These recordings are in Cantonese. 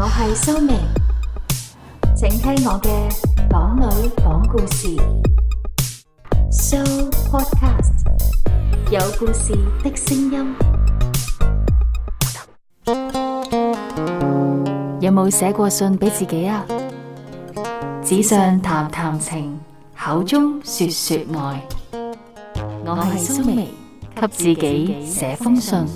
我係蘇明，請聽我嘅港女講故事，蘇 Podcast 有故事的聲音。有冇寫過信俾自己啊？紙上談談情，口中說說愛。我係蘇明，給自己寫封信。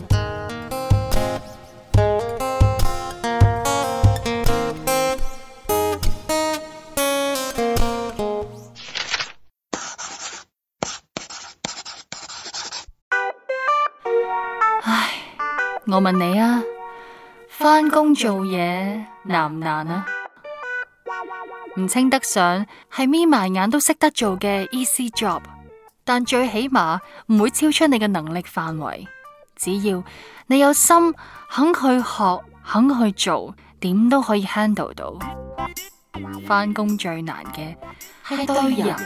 我問你啊，翻工做嘢事難唔難啊？唔稱得上係眯埋眼都識得做嘅 easy job，但最起碼唔會超出你嘅能力範圍。只要你有心，肯去學，肯去做，點都可以 handle 到。翻工最難嘅係對人，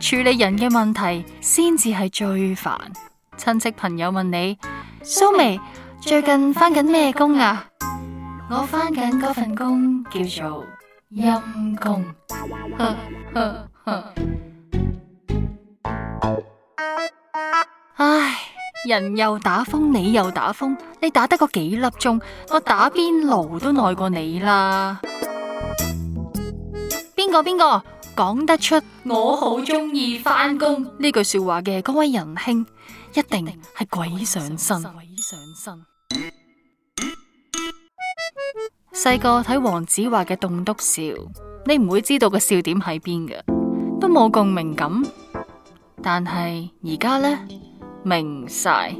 處理人嘅問題先至係最煩。親戚朋友問你，蘇眉雷。最近翻緊咩工啊？我翻緊嗰份工叫做陰功。唉，人又打風，你又打風，你打得過幾個幾粒鐘，我打邊爐都耐過你啦。邊個邊個講得出我好中意翻工呢句說話嘅嗰位仁兄一定係鬼上身。細個睇黃子華嘅棟篤笑，你唔會知道個笑點喺邊嘅，都冇共鳴感。但係而家呢，明晒。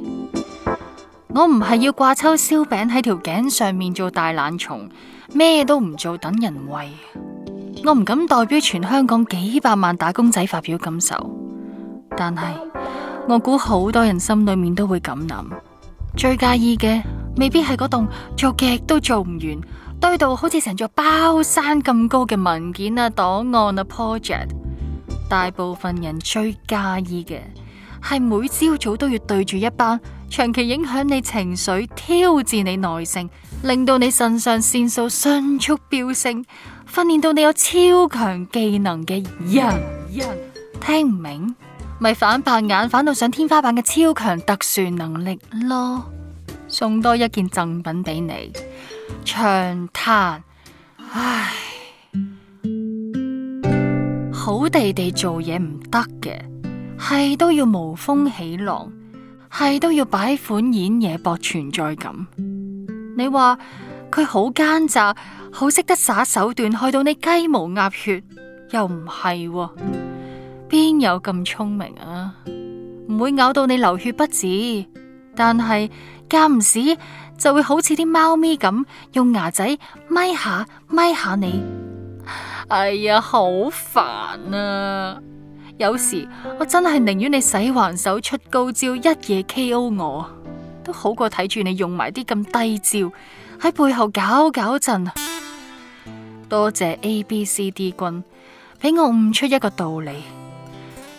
我唔係要掛抽燒餅喺條頸上面做大懶蟲，咩都唔做等人餵。我唔敢代表全香港幾百萬打工仔發表感受，但係我估好多人心裏面都會咁諗。最介意嘅未必係嗰棟做極都做唔完。堆到好似成座包山咁高嘅文件啊、檔案啊、A、project，大部分人最介意嘅係每朝早都要對住一班長期影響你情緒、挑戰你耐性、令到你腎上腺素迅速飆升、訓練到你有超強技能嘅人。Yeah, yeah. 聽唔明咪反白眼，反到上天花板嘅超強特殊能力咯！送多一件贈品俾你。長嘆，唉，好地地做嘢唔得嘅，係都要無風起浪，係都要擺款演嘢博存在感。你話佢好奸詐，好識得耍手段，害到你雞毛鴨血，又唔係，邊有咁聰明啊？唔會咬到你流血不止，但係。間唔時就會好似啲貓咪咁，用牙仔咪下咪下你。哎呀，好煩啊！有時我真係寧願你使橫手出高招，一夜 K.O. 我，都好過睇住你用埋啲咁低招喺背後搞搞震。多謝 A、B、C、D 君俾我悟出一個道理，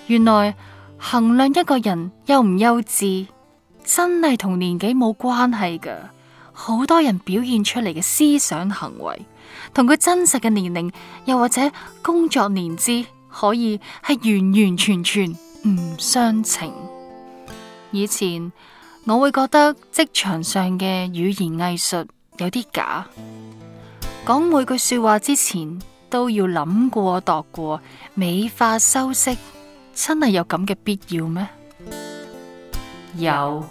原來衡量一個人優唔優質。真係同年紀冇關係㗎，好多人表現出嚟嘅思想行為，同佢真實嘅年齡又或者工作年資，可以係完完全全唔相稱。以前我會覺得職場上嘅語言藝術有啲假，講每句說話之前都要諗過、度過、美化修飾，真係有咁嘅必要咩？有。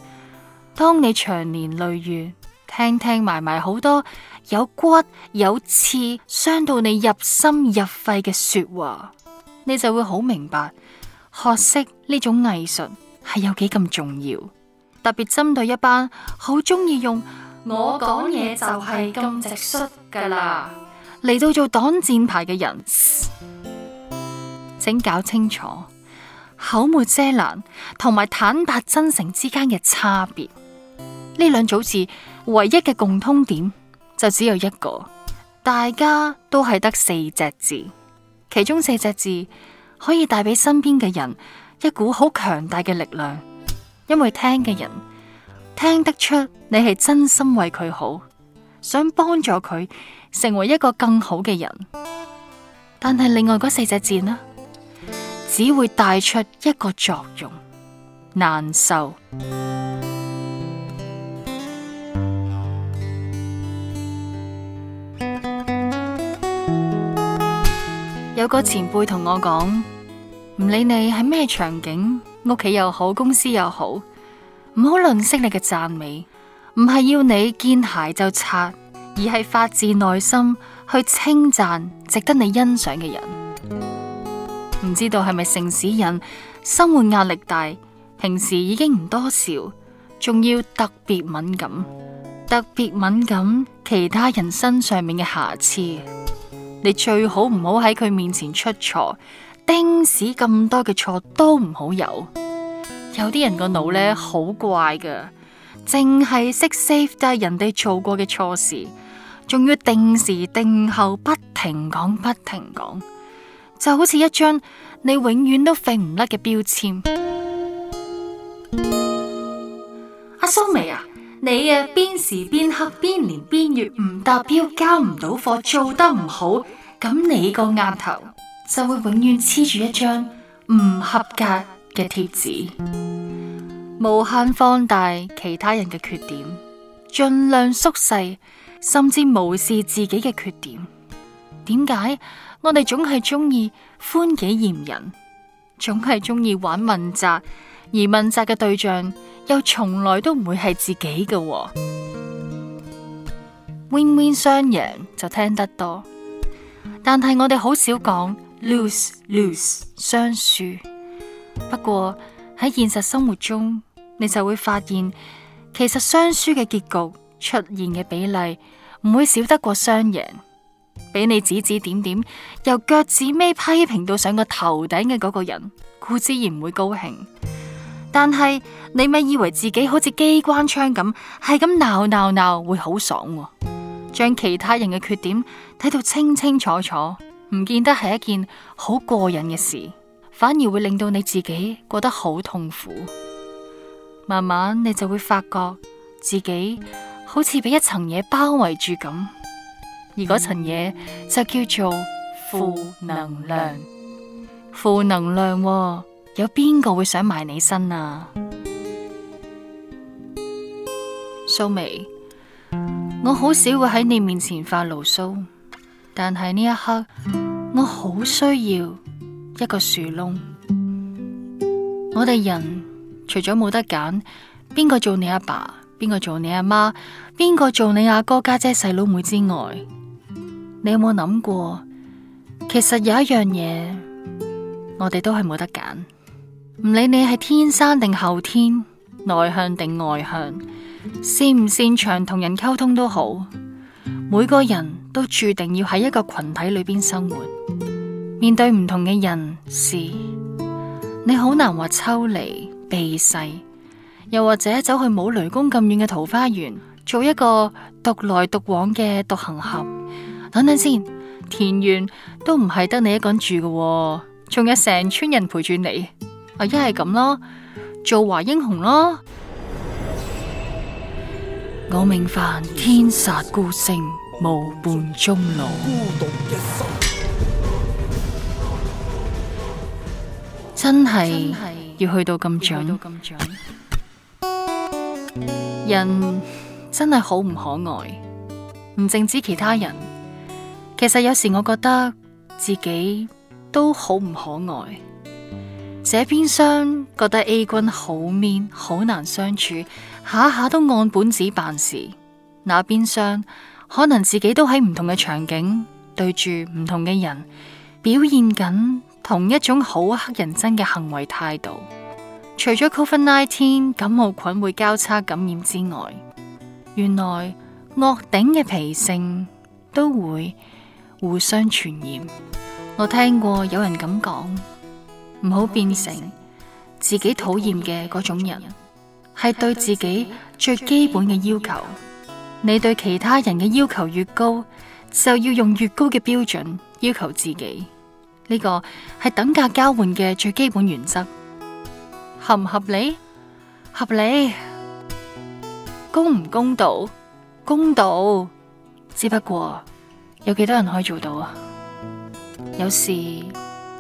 當你長年累月聽聽埋埋好多有骨有刺傷到你入心入肺嘅說話，你就會好明白學識呢種藝術係有幾咁重要。特別針對一班好中意用我講嘢就係咁直率噶啦嚟到做擋箭牌嘅人，請 搞清楚口沒遮攔同埋坦白真誠之間嘅差別。呢兩組字唯一嘅共通點就只有一個，大家都係得四隻字，其中四隻字可以帶俾身邊嘅人一股好強大嘅力量，因為聽嘅人聽得出你係真心為佢好，想幫助佢成為一個更好嘅人。但係另外嗰四隻字呢，只會帶出一個作用，難受。個前輩同我講，唔理你係咩場景，屋企又好，公司又好，唔好吝嗇你嘅讚美，唔係要你見鞋就擦，而係發自內心去稱讚值得你欣賞嘅人。唔知道係咪城市人生活壓力大，平時已經唔多笑，仲要特別敏感，特別敏感其他人身上面嘅瑕疵。你最好唔好喺佢面前出錯，丁屎咁多嘅錯都唔好有。有啲人個腦咧好怪噶，淨係識 save 低人哋做過嘅錯事，仲要定時定候不停講不停講，就好似一張你永遠都揈唔甩嘅標籤。阿蘇眉啊！你啊，邊時邊刻、邊年邊月唔達標，交唔到貨，做得唔好，咁你個額頭就會永遠黐住一張唔合格嘅貼紙。無限放大其他人嘅缺點，盡量縮細，甚至無視自己嘅缺點。點解我哋總係中意寬己嚴人，總係中意玩問責，而問責嘅對象？又從來都唔會係自己嘅、哦、win-win 雙贏就聽得多，但係我哋好少講 lose-lose 雙輸。不過喺現實生活中，你就會發現，其實雙輸嘅結局出現嘅比例唔會少得過雙贏。俾你指指點點，由腳趾尾批評到上個頭頂嘅嗰個人，固之然唔會高興。但係你咪以為自己好似機關槍咁，係咁鬧鬧鬧會好爽啊？將其他人嘅缺點睇到清清楚楚，唔見得係一件好過癮嘅事，反而會令到你自己覺得好痛苦。慢慢你就會發覺自己好似被一層嘢包圍住咁，而嗰層嘢就叫做負能量。負能量哦。有邊個會想埋你身啊？蘇眉，我好少會喺你面前發牢騷，但係呢一刻，我好需要一個樹窿。我哋人除咗冇得揀，邊個做你阿爸，邊個做你阿媽，邊個做你阿哥、家姐、細佬妹之外，你有冇諗過？其實有一樣嘢，我哋都係冇得揀。唔理你係天生定後天，內向定外向，擅唔擅長同人溝通都好，每個人都注定要喺一個群體裏邊生活，面對唔同嘅人事，你好難話抽離避世，又或者走去冇雷公咁遠嘅桃花源，做一個獨來獨往嘅獨行俠。等等先，田園都唔係得你一個人住嘅喎，仲有成村人陪住你。.啊，一係咁咯，做華英雄咯。我命犯天煞孤星，無伴終老。真係要去到咁長，人真係好唔可愛，唔淨止其他人，其實有時我覺得自己都好唔可愛。這邊廂覺得 A 君好 man，好難相處，下下都按本子辦事；那邊廂可能自己都喺唔同嘅場景，對住唔同嘅人，表現緊同一種好乞人憎嘅行為態度。除咗 Covid nineteen 感冒菌會交叉感染之外，原來惡頂嘅脾性都會互相傳染。我聽過有人咁講。唔好變成自己討厭嘅嗰種人，係對自己最基本嘅要求。你對其他人嘅要求越高，就要用越高嘅標準要求自己。呢個係等價交換嘅最基本原則。合唔合理？合理。公唔公道？公道。只不過有幾多人可以做到啊？有時。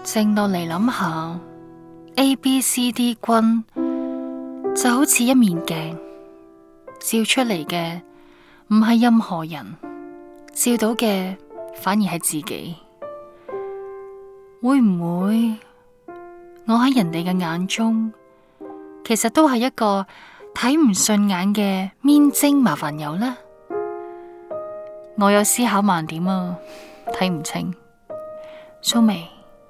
靜落嚟諗下想想，A、B、C、D 君就好似一面鏡，照出嚟嘅唔係任何人，照到嘅反而係自己。會唔會我喺人哋嘅眼中，其實都係一個睇唔順眼嘅面精麻煩友呢？我有思考盲點啊，睇唔清，蘇眉。